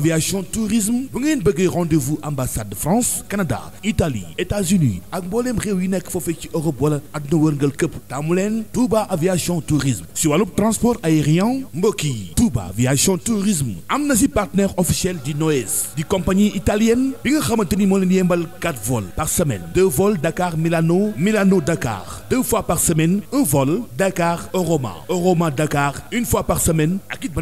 aviation tourisme bu ngeen bëggee rendez-vous ambassade de France Canada Italie États-Unis ak mbooleem réew yi nekk foofee ci Europe wala àdduna wërngal këpp taamu leen Touba aviation tourisme si wàllub transport aérien mbokk yi Touba aviation tourisme am na si partenaire officiel di Noes di compagnie italienne bi nga xamante ni moo leen yembal quatre vols par semaine deux vols Dakar Milano Milano Dakar deux fois par semaine un vol Dakar Roma Roma Dakar une fois par semaine ak it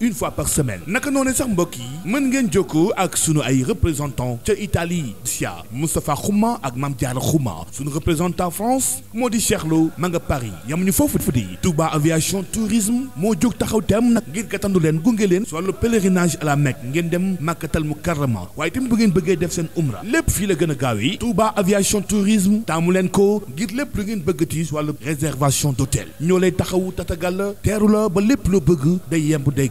une fois par semaine naka noonu sax mbokk yi mën ngeen jokkoo ak sunu ay représentant ca Italie sia Moustapha Xuma ak Mame Diarra Xuma sunu représentant France moo di Cheikh Lo ma nga Paris yamuñu foofu fu di Touba aviation tourisme moo jóg taxaw teem nag ngir gàttandu leen gunge leen soit le pèlerinage à la Mecque ngeen dem Makkatal Mukarrama waaye tamit bu ngeen bëggee def seen umra lépp fii la gën a gaawee Touba aviation tourisme taamu leen ko ngir lépp lu ngeen bëggati soit le réservation d'hôtel ñoo lay taxawu tatagal la teeru la ba lépp loo bëgg day yemb day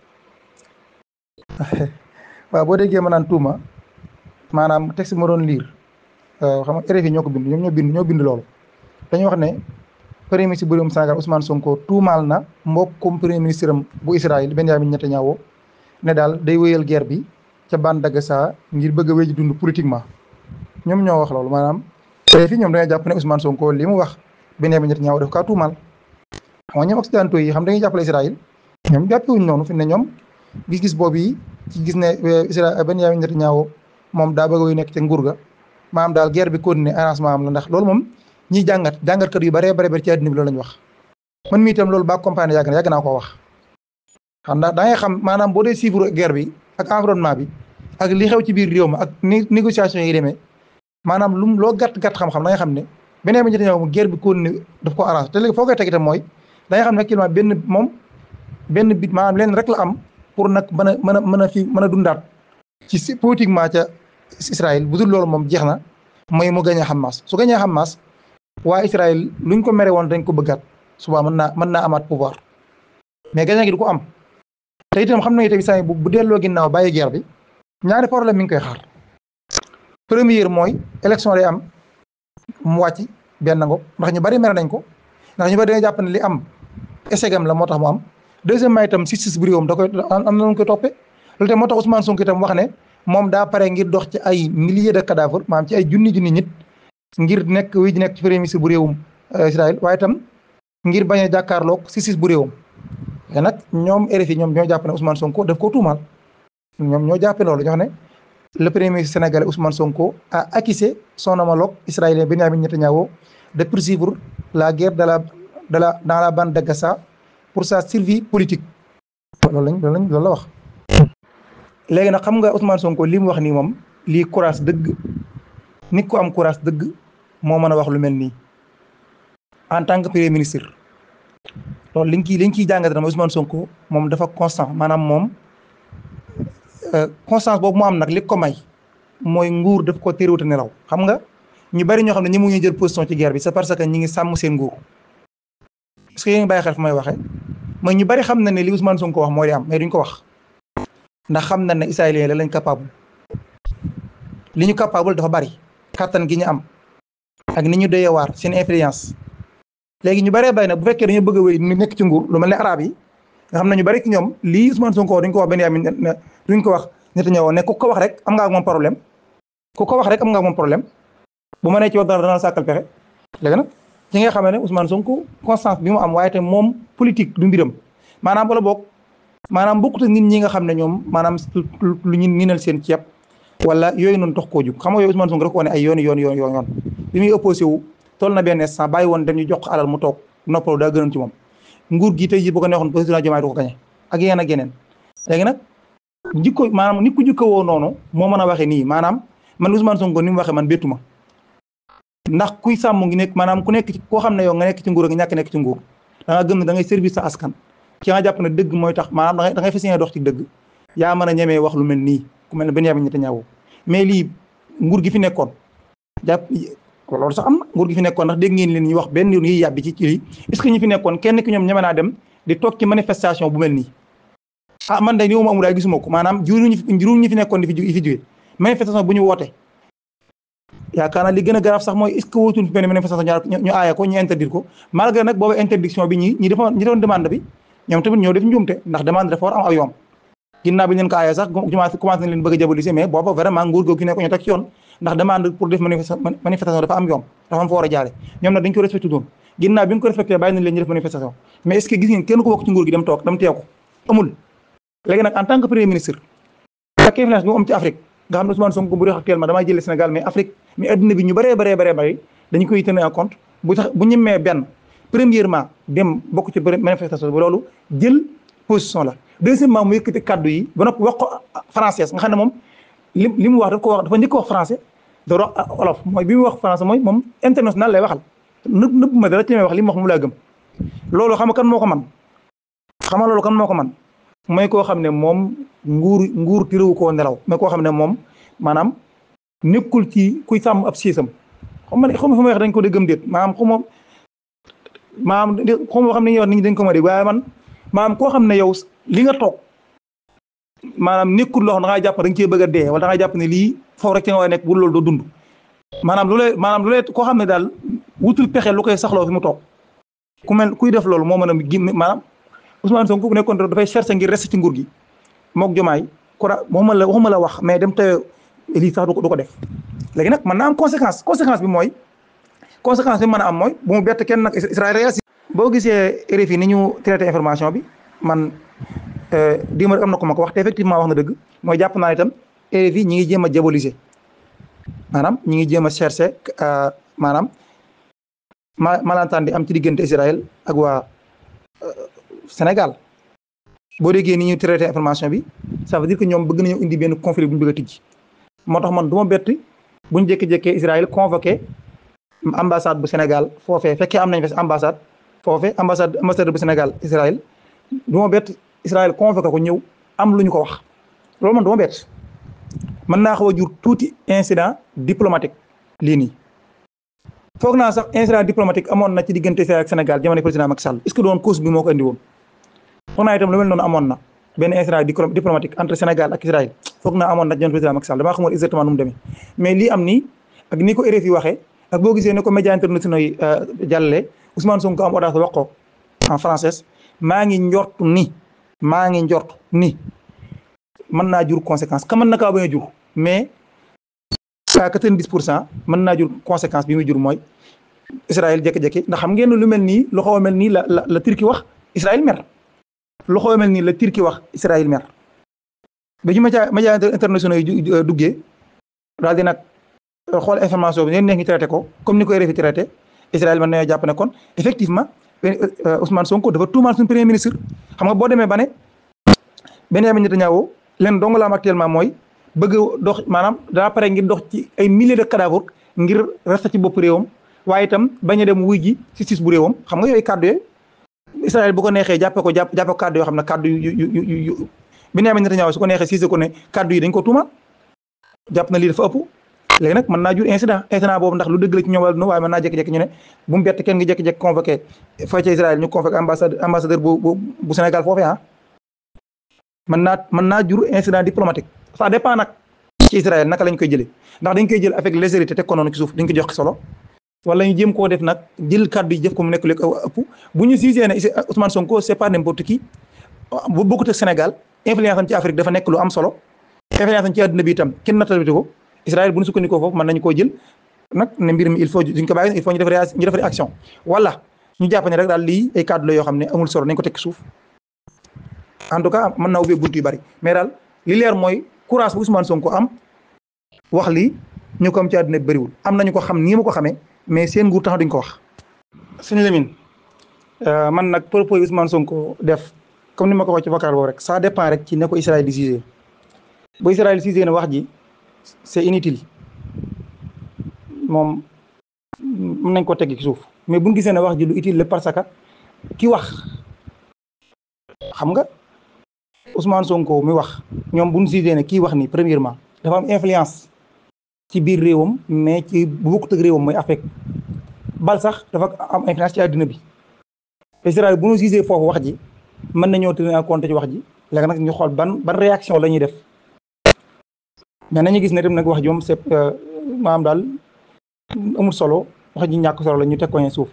waaw boo déggee ma naan tuuma maanaam texte ma doon liir euh, xam nga RFI ñoo ko bind ñoom ñoo bind ñoo bind loolu dañu wax ne premier ministre bu réewum Sénégal Ousmane Sonko tuumaal na mbokkum premier ministre am bu Israël Benjamin Netanyahu ne daal day wéyal guerre bi ca bande Gaza ngir bëgg a wéy dund politiquement ñoom ñoo wax loolu maanaam RFI ñoom dañoo jàpp ne Ousmane Sonko li mu wax Benjamin Netanyahu daf kaa tuumaal xam nga ñoom occidentaux yi xam dañuy jàppale Israël ñoom jàppewuñ noonu fi ne ñoom gis-gis boobu yi ci gis ne euh, Isra euh, Benyamin Netanyahu moom daa ba a nekk ca nguur ga maam daal guerre bi continuer arrangement am la ndax loolu moom ñiy jàngat jàngatkat yu bare bëri bëri ci àddina bi loolu la wax man mii itam lool ba comprendre yàgg na yàgg naa koo wax xam daa da ngay xam maanaam boo dee suivre guerre bi ak environnement bi ak li xew ci biir réew ma ak ni négociation yi demee maanaam lum loo gàtt-gàtt xam-xam da ngay xam ne beneen bi Netanyahu guerre bi continuer ko arrangé te léegi foo koy teg itam mooy da ngay xam ne actuellement benn moom benn bit maanaam leen rek la am pour nag mën a mën a mën a mën a dundaat ci politiquement ca Israël bu dul loolu moom jeex na mooy mu gañ a Hamas su gañee Hamas waa Israël luñ ko mere woon dañ ko bëggaat subaa mën naa mën naa amaat pouvoir mais gaña gi du ko am te itam xam nañu te Israël bu delloo ginnaaw bàyyi guerre bi ñaari problème mi ngi koy xaar première mooy élection day am mu wàcc benn ngoog ndax ñu bari mere nañ ko ndax ñu bari dañoo jàpp ne li am échec la moo tax mu am deuxièmement itam justice bu réewam da koy am na lu koy toppee loolu itam Sonko itam wax ne moom daa pare ngir dox ci ay milliers de cadavres maanaam ci ay junni junni nit ngir nekk wii nekk ci premier ministre bu réewum euh, Israël waaye tam ngir bañ a jàkkaarloog justice bu réewam. te nag ñoom RFI ñoom ñoo jàpp ne Ousmane Sonko def koo tuumaal ñoom ñoo jàppee loolu ñoo xam ne le premier ministre sénégalais Ousmane Sonko a accusé son homologue israélien Benyamin Netanyahu de poursuivre la guerre de la de la dans la bande de pour sa survie politique loolu lañ loolu lañ la wax léegi nag xam nga Ousmane Sonko li mu wax nii moom lii courage dëgg nit ko am courage dëgg moo mën a wax lu mel nii en tant que premier ministre loolu liñ ciy liñ ciy jàngate dama Ousmane Sonko moom dafa constant maanaam moom euh, constance boobu mu am nag li ko may mooy nguur daf ko téréwuta nelaw xam nga ñu bari ñoo xam ne ñi mu ñu jël position ci geer bi c'est parce que ñu ngi sàmm seen nguur parce que yéen waxee mooy ñu bari xam na ne li Ousmane Sonko wax moo di am mais ko wax ndax xam na ne israélien la lañ capable ñu capable dafa bari kàttan gi ñu am ak ni ñu doyee waar seen influence léegi ñu baree bari na bu fekkee dañoo bëgg a wéy ñu nekk ci nguur lu mel ne araab yi nga xam ne ñu bari ci ñoom lii Ousmane Sonko wax duñ ko wax Benyamin duñ ko wax Netanyahu ne ku ko wax rek am nga ak moom problème ku ko wax rek am nga moom problème bu ma nee ci wax dara dana sàkkal pexe ci nga xamee ne Ousmane Sonko constance bi mu am waaye te moom politique du mbiram maanaam wala boog maanaam bokkut ak nit ñi nga xam ne ñoom maanaam lu ñu ninal seen ceeb wala yooyu noonu tax koo jug xam nga yooyu Ousmane Sonko rek wane ay yoon yoon yoon yoon yoon bi muy opposé wu toll na benn instant bàyyi woon dem ñu jox alal mu toog noppalu daa gënoon ci moom nguur gi tey jii bu ko neexoon président Diomaye du ko gañe ak yeneen ak yeneen léegi nag jikko maanaam nit ku jikko woo noonu moo mën a waxee nii maanaam man Ousmane Sonko ni mu waxee man béttu ma ndax kuy sàmm ngi nekk maanaam ku nekk ci koo xam ne yow nga nekk ci nguur nga ñàkk nekk ci nguur da jàpp ne dëgg mooy tax maanaam da ngay fas yéene dox ci wax lu mel nii ku mel ne Benyamin Netanyahu mais lii nguur gi fi nekkoon jàpp loolu sax am na nguur gi fi ndax dégg ngeen leen ñuy wax benn yoon yiy yàbbi ci ci lii est que ñi fi nekkoon kenn ki ñoom ñeme naa dem di toog ci manifestation bu mel nii ah man day ni ma amul daay gisuma ko maanaam juróom ñi fi nekkoon di fi jóge manifestation bu ñu woote yaakaar naa li gën a sax mooy est-ce que wóotul benn manifestation ñu aaya ko ñu interdire ko malgré nag booba interdiction bi ñi def njuumte ndax demande dafa am aw yoon ginnaaw bi ñu leen ko aaya ko ñu teg ci ndax demande pour def manifestation dafa am yoon dafa am jaare ñoom nag dañ ko respecté doon ginnaaw bi ñu ko respecté bàyyi leen ñu def manifestation mais est-ce que gis ngeen kenn ku bokk ci nguur gi dem toog dem teew amul léegi nga xam ne Ousmane Sonko bu dee actuellement damaa jëlee Sénégal mais Afrique mais adduna bi ñu bëree bëree bëree bëri dañu koy tenir en compte bu tax bu ñemee benn kaddu yi ba noppi wax ko français nga xam ne moom li li mu wax daf ko wax dafa njëkk wax français da ah, wax olof mooy bi mu wax français mooy moom international lay waxal nëb nëb ma dara ci may wax li mu wax moom laa gëm loolu xam nga kan moo ko man xam nga loolu kan moo ko man mooy koo xam ne moom nguur nguur tëréwu ko nelaw mooy koo xam ne moom maanaam nekkul ci kuy sàmm ab siisam xam ma ne xam fu may dañ ko dëggam déet maanaam xu moom maanaam xu ma xam ne ñuy wax dañ ko ma dégg man maanaam koo xam ne yow li nga toog maanaam nekkul loo xam da jàpp da nga cee bëgg a dee jàpp ne lii foofu nekk bu loolu doo dund maanaam lu maanaam lu lay koo xam ne daal wutul pexe lu koy saxloo fi mu toog ku mel kuy def loolu moo mën a maanaam Ousmane Sonko bu nekkoon dafay chercher ngir rester ci nguur gi mook Jomaay kora waxuma la waxuma la wax mais dem te lii sax du ko def léegi nag man naa am conséquence conséquence bi mooy conséquence bi am mooy bu mu kenn nag Israël boo gisee RFI ni ñu traité information bi man euh, dima am na ko ma ko wax te effectivement wax na dëgg mooy jàpp naa itam RFI ñi ngi jéem a diaboliser maanaam ñi ngi jéem a chercher euh, maanaam ma bi am ci diggante Israël ak waa euh, Sénégal boo déggee ni ñuy traité information bi ça veut dire que ñoom bëgg nañoo indi benn conflit bu ñu bëgg a tijji moo tax man du bett bu ñu jékki-jékkee Israël convoqué bu Sénégal foofee fekkee am nañ fa ambassade foofee ambassade ambassadeur bu Sénégal Israël du ma bett Israël ko ñëw am lu ñu ko wax loolu man du ma bett mën naa xaw a jur tuuti incident diplomatique lii nii. foog naa sax incident diplomatique amoon na ci diggante Israël ak Sénégal jamono président Macky Sall est doon cause moo ko indi xanaa itam lu mel noonu amoon na benn incident diplomatique entre Sénégal ak Israël foog na amoon na ñoom président Macky Sall damaa lii am nii ak ni ko RFI waxee ak boo gisee ne ko médias internationaux yi euh, jàllale Ousmane Sonko am audace wax ko en français maa ngi njort ni maa ngi njort ni mën naa jur conséquence ka mën na kaa bañ a mais à quatre pour cent mën naa jur conséquence bi muy jur mooy Israël jékki-jékki ndax xam ngeen lu mel nii lu xaw mel nii la la la Turquie wax Israël mer loxo yu mel nii la Turquie wax Israël mer ba ci média média internationaux yi euh, duggee daal di nag euh, xool information bi ngeen neex ñu traité ko comme ni ko RFI traité Israël mën ne jàpp ne kon effectivement euh, Ousmane Sonko dafa tuumaal suñu premier ministre xam nga boo demee ba ne Benyamin Netanyahu leen dong la am actuellement mooy bëgg dox maanaam daa pare ngir dox ci ay milliers de cadavres ngir resta ci bopp réewam waaye itam bañ a dem wuy ji justice bu réewam xam nga yooyu Israël bu ko neexee jàppe ko jàpp jàppe ko kàddu yoo xam ne kàddu yu yu yu yu Benyamin Netanyahu su ko neexee siise ko ne kàddu yi dañ ko tuuma jàpp na lii dafa ëpp léegi nag mën naa jur incident incident boobu ndax lu dëgg la ci ñoom wala non waaye mën naa jékki-jékki ñu ne bu mu bett kenn nga jékki-jékki convoqué fa ca Israël ñu convoqué ambassadeur ambassadeur bu bu Sénégal foofee ah mën naa mën naa jur incident diplomatique ça dépend nag ci Israël naka lañ koy jëlee ndax dañ koy jël avec légèreté teg ko noonu ci suuf dañ ko jox solo wala ñu jéem koo def nag jël kàddu yi jëf ko nekk lu ko ëpp bu ñu jugee ne Ousmane Sonko c'est bu bokkut ak Sénégal influence am ci lu am solo influence am ci àdduna bi itam kenn nattalitu ko Israël bu ñu sukkandikoo foofu mën nañu koo jël nag ne mbir mi il faut duñ ko bàyyi il faut ñu def ñu def réaction wala ñu jàpp rek daal lii ay kàddu la yoo xam ne amul solo nañ ko tekk suuf en tout cas mën naa ubbee bunt yu bari mais daal li leer mooy courage bu Ousmane Sonko am wax lii ñu ko ci àdduna bi bëriwul am nañu ko xam nii ma ko xamee mais seen nguur tax duñ ko wax. sëñ Lamine euh, man nag propos yi Ousmane Sonko def comme ni ma ko wax ci vocal boobu rek ça dépend rek ci ne ko Israël di jugé bu Israël di jugé ne wax ji c'est inutile moom mën nañ ko tegg ci suuf mais buñu gisee ne wax ji lu utile la parce que ki wax xam nga Ousmane Sonko mi wax ñoom buñu jugé ne kii wax ni premièrement dafa am influence. ci biir réewam mais ci bu bokkut ak réewam mooy Afrique bal sax dafa am influence ci àddina bi Israël bu ñu gisee foofu wax ji mën nañoo tenir en compte ci wax ji léegi nag ñu xool ban ban la ñuy def mais nañu gis ne dem nag wax ji moom c'est euh, maanaam daal amul solo wax ji ñàkk solo la ñu teg ko suuf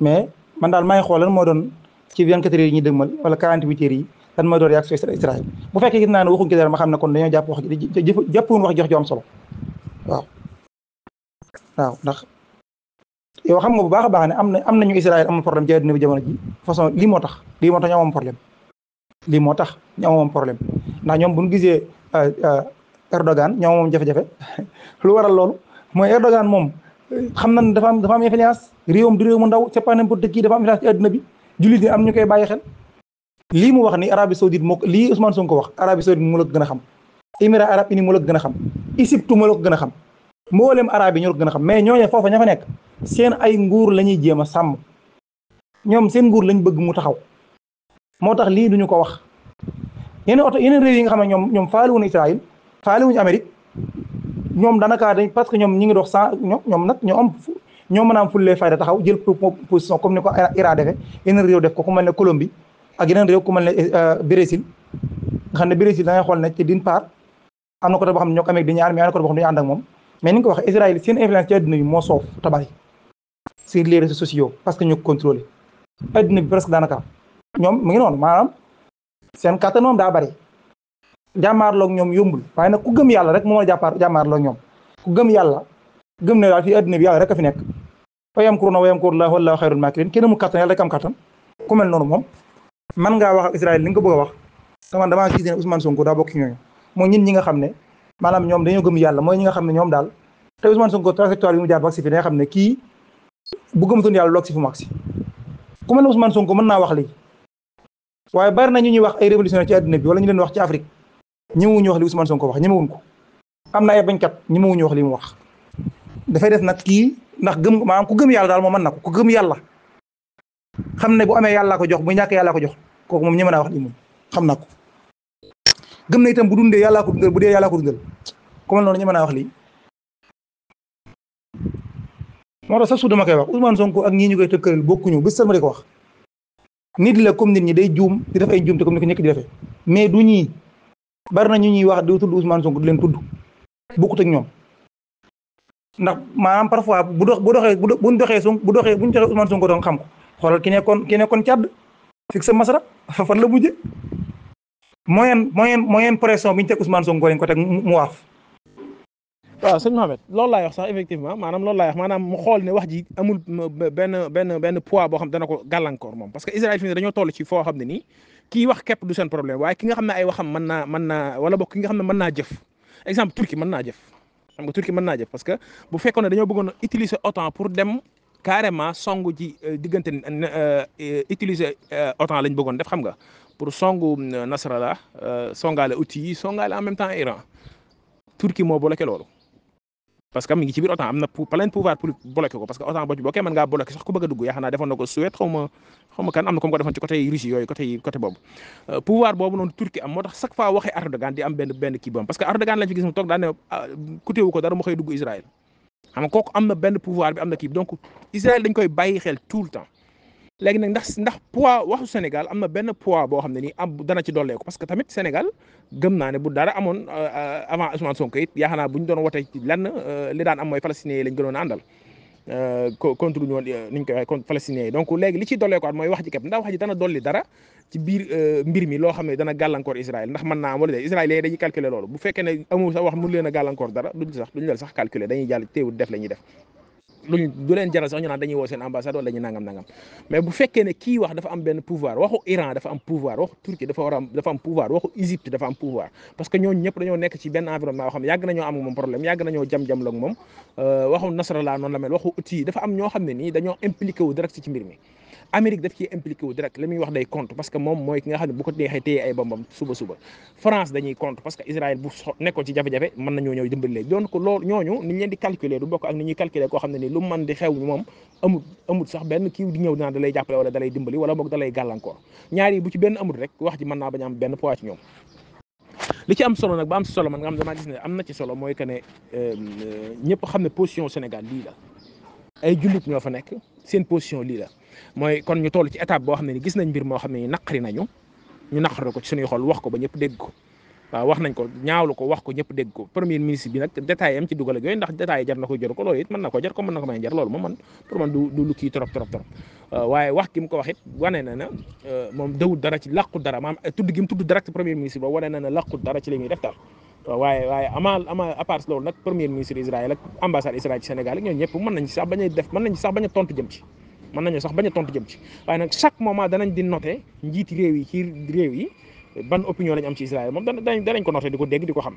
mais man daal maa xool lan moo doon ci 24 heures yi ñuy dëgmal wala 48 heures yi lan moo doon réaction Israël bu fekkee naa ne waxuñ ci ma xam ne kon dañoo jàpp wax ji jàppoon wax jox ju solo waaw waaw ndax yow xam nga bu baax a baax am na am nañu Israël a problème ci jamono ji façon lii moo tax lii moo tax ñu amoon problème lii moo tax ñu amoon ndax ñoom bu ñu gisee euh, euh, Erdogan ñoom moom jafe-jafe lu waral loolu mooy Erdogan moom euh, xam nañ dafa am dafa am influence réewam du réew mu ndaw c'est pas n'importe qui dafa am influence ci bi am ñu koy bàyyi xel lii mu wax ni Arabie Saoudite moo lii Ousmane Sonko ko wax Arabie Saoudite mu la gën a xam émirat arab uni moo gën a xam Égypte moo gën a xam mboolem arab yi ñoo ko gën a xam mais ñooñu foofa ña fa nekk seen ay nguur la ñuy sàmm ñoom seen nguur lañ bëgg mu taxaw moo tax lii duñu ko wax yeneen oto yeneen yi nga xam ne ñoom ñoom faaliwuñu Israël faaliwuñu Amérique ñoom danaka dañ parce que ñoom ñi ngi dox sans ñoom nag ñoo am ñoo mën a am fullee taxaw jël position comme ni ko Iran def ko ku mel ne Colombie ak yeneen réew ku mel ne euh, nga xam ne Brésil da xool ne ci d'une am na côté boo xam ne ñoo ko amee di ñaar mais am na côté boo xam ne dañu ànd ak moom mais ni nga ko waxee Israël seen influence ci adduna bi moo soof tabari sur les réseaux sociaux parce que ñoo ko contrôlé adduna bi presque daanaka ñoom mu ngi noonu maanaam seen kattan moom daa bari jàmmaarloog ñoom yombul waaye nag ku gëm yàlla rek moo mën a jàppaar jàmmaarloog ñoom ku gëm yàlla gëm ne daal fii adduna bi yàlla rek a fi nekk wayam kuruna wayam kur la wallaahu xayrul maakirin kenn mu kattan yàlla rek am kattan ku mel noonu moom man ngaa wax ak Israël li nga ko bëgg a wax te man damaa gis ne Ousmane Sonko daa bokk ci ñooñu mooy ñin ñi nga xam ne maanaam ñoom dañoo gëm yàlla mooy ñi nga xam ne ñoom daal te Ousmane Sonko trajectoire bi mu jaar ba agsi fi da nga xam ne kii bu gëmutoon yàlla loog si fu mu agsi ku mel ne Ousmane Sonko mën naa wax lii waaye bari na ñu ñuy wax ay révolutionnaire ci àddina bi wala ñu leen wax ci Afrique ñemewuñu wax li Ousmane Sonko wax ñemewuñ ko am na ay bañkat ñemewuñu wax li mu wax dafay des nag kii ndax gëm maanaam ku gëm yàlla daal moom man na ko ku gëm yàlla xam ne bu amee yàllaa ko jox bu ñàkk yàlla ko jox kooku moom ñi mën a wax li moom xam na ko gëm na itam bu dundee yàllaa ko dundal bu dee yàllaa ko dundal ku mel noonu ñu mën a wax lii. moo su dama koy wax Ousmane Sonko ak ñii ñu koy tëkkaleel bokkuñu bés sama di ko wax nit la comme nit ñi day juum di def ay juum te comme ni ko ñëkk di defee mais du ñii bari na ñu ñuy wax di tudd Ousmane Sonko di leen tudd bokkut ak ñoom ndax maanaam parfois bu dox bu doxee bu doxee Sonko bu doxee bu ñu doxee Ousmane Sonko doon xam ko xoolal ki nekkoon ki nekkoon càdd fig sa masara fan la mujje moyen moyen moyen pression bi ñu teg Ousmane Sonko lañ ko teg mu waaf. loolu laay wax sax effectivement maanaam loolu laay maanaam mu xool ne wax ji amul benn benn benn poids boo xam dana ko gàllankoor moom parce que Israël fi ne dañoo toll ci foo xam ne nii kii wax képp du seen problème waaye ki nga xam ne ay waxam mën naa mën naa wala bokk ki nga xam ne mën naa jëf exemple Turquie mën naa jëf xam nga Turquie mën naa jëf parce que bu fekkoon ne dañoo bëggoon utiliser OTAN pour dem carrément song ji euh, diggante euh, euh, utiliser OTAN lañ bëggoon def xam nga pour songu Nasrallah songaale outils yi songaale en même temps Iran Turquie moo bloqué loolu. parce que am na plein pouvoir pour bloquer ko parce que OTAN boo ci bokkee mën ngaa sax ku bëgg dugg yaa xam naa defoon na ko Suède kan am na comme ko defoon ci côté Russie yooyu côté côté boobu pouvoir boobu noonu Turquie am moo tax chaque fois waxee Erdogan di am benn benn kii bam parce que Erdogan lañ fi gis ah, ko dara mu xëy dugg xam kooku am na benn pouvoir bi am na kii donc Israël dañ koy bàyyi xel tout le temps léegi nag ndax ndax poids waxu Sénégal am na benn poids boo xam ne nii am dana ci dolleeku parce que tamit Sénégal gëm naa ne bu dara amoon euh, euh, avant Ousmane Sonko it yaakaar naa bu ñu doon wote ci lenn euh, li daan am mooy palestiniens yi lañ gënoon a àndal. Euh, contre ñu woon ni ñu koy waxee contre palestiniens yi donc léegi li ciy dollee ko at mooy wax ji ndax wax dana dolli dara ci biir euh, mbir mi loo xam ne dana gàllankoor Israël ndax mën naa am wala de Israël léegi dañuy calculer loolu bu fekkee ne amul sax wax mënu leen a dara duñ sax duñ leen sax calculer dañuy jàll teewul def la ñuy def luñ du leen jaral sax ñu naan dañuy woo seen ambassade wala dañuy nangam nangam mais bu fekkee ne kii wax dafa am benn pouvoir waxu Iran dafa am pouvoir waxu Turquie dafa a am dafa pouvoir waxu Égypte dafa am pouvoir parce que ñooñu ñëpp dañoo nekk ci benn environnement yoo xam ne yàgg nañoo am moom problème yàgg jam-jam lak moom euh, waxu Nasrallah noonu la mel waxu uti dafa am ñoo xam ne nii dañoo impliqué wu direct ci mbir mi Amérique daf ciy impliqué wu direct li muy wax day compte parce que moom mooy ki nga xam ne bu ko neexee téye ay bombam suba suba France dañuy compte parce que Israël bu nekkoon ci jafe-jafe mën nañoo ñëw dimbali leen donc loolu ñooñu ni ñu leen di calculer du bokk ak ni ñuy calculer koo xam ne ni lu mën di xew moom amut sax benn kii di ñëw dinaa da lay jàppale wala da lay dimbali wala boog da lay gàllankoor ñaar yi bu ci benn amut rek wax ji mën naa bañ am benn poids ci solo ba am solo man nga xam damaa gis ne am euh, ñëpp xam ne position Sénégal lii la ay jullit ñoo fa nekk seen position lii la mooy kon ñu toll ci étape boo xam ne ni gis nañ mbir moo xam ne ni naqari nañu ñu naqaru ko ci suñuy xol wax ko ba ñëpp dégg ko waaw wax nañ ko ñaawlu ko wax ko ñëpp dégg ko premier ministre bi nag détails am ci dugal ak yooyu ndax détails yi jar na ko jar ko loolu it mën na ko jar ko mën na ko may jar loolu moom man pour man du du lu kii trop trop trop waaye wax gi mu ko wax it wane na na euh, moom dawul dara ci làqu dara maam euh, tudd gi mu tudd dara ci premier ministre ba wane na na làqu dara ci li muy def daal waaye waaye amal amal à part loolu nag premier ministre Israël ak ambassade Israël ci Sénégal ak ñooñu ñëpp mën nañ sax bañ a def mën nañ sax bañ a tontu jëm ci mën nañu sax bañ a tontu jëm ci waaye nag chaque moment danañ di note njiiti réew yi ci réew yi ban opinion lañ am ci Israël moom danañ danañ ko noter di ko dégg di ko xam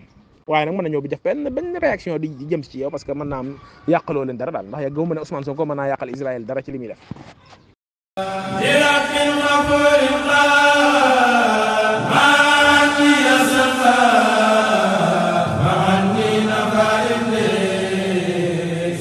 waaye nag mën na ñëw bi def benn benn réaction di jëm ci yow parce que mën naa am yàqaloo leen dara daal ndax yàgg mu ne Ousmane Sonko mën naa yàqal Israël dara ci a muy def.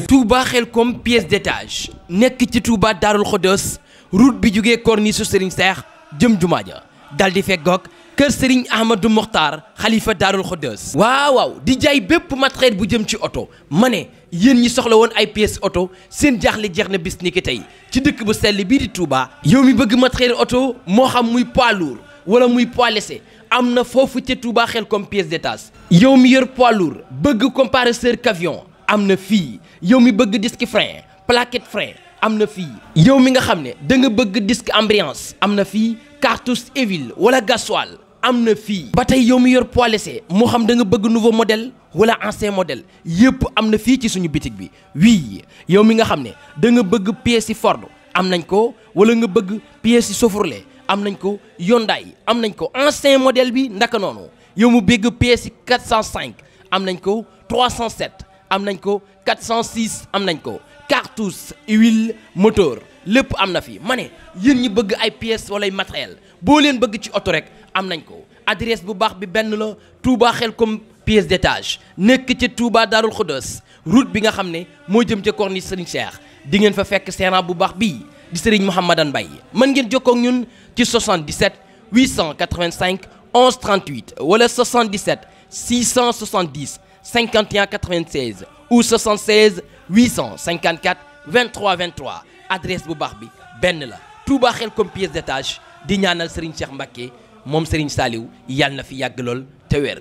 Touba Xelkom pièce d'étage nekk ci Touba Darou Khoudoss route bi jógee corniche su Serigne Seex jëm jumaa ja dal di feggoog kër Serigne Ahmadou Mokhtar xalifa Darou Khoudoss. waaw waaw di jaay bépp matériel bu jëm ci oto ma ne yéen ñi soxla woon ay pièces oto seen jaaxle jeex na bis ni ki tey ci dëkk bu sell bii di Touba. yow mi bëgg matériel oto moo xam muy poids lourd wala muy poids léger am na foofu ca Touba xel comme pièce tas yow mi yor poids lourd bëgg comparateur camion am na fii yow mi bëgg disque frein. plaquette frais am na fii yow mi nga xam ne danga bëgg disque ambiance am na fii cartouche Evil wala gasoil am na fii ba tey yow mi yor poids laissé moo xam danga bëgg nouveau modèle wala ancien modèle yëpp am na fii ci suñu bitig bi wii yow mi nga xam ne danga bëgg pièces yi Ford am nañ ko wala nga bëgg pièces yi Chevrolet am nañ ko Hyundai am nañ ko ancien modèle bi ndaka noonu yow mu bëgg pièces yi 405 am nañ ko 307 am nañ ko 406 am nañ ko cartouche huile moteur lépp am na fi ma ne yéen ñi bëgg ay pièces wala matériel boo leen bëgg ci oto rek am nañ ko adresse bu baax bi benn la Touba Xelcom pièce d'étage nekk ca Touba daarul Khoudoss route bi nga xam ne moo jëm ca corniche Serigne Cheikh di ngeen fa fekk seeraan bu baax bii di Serigne Mouhamadane Mbaye man ngeen jokkoo ak ñun ci 77 885 11 38 wala 77 670 51 96 854 23 23 adresse bu baax bi benn la Touba Xelcom pièce détache di ñaanal Serigne Cheikh Mbacké moom Serigne Saliou yàlla na fi yàgg lool te wér.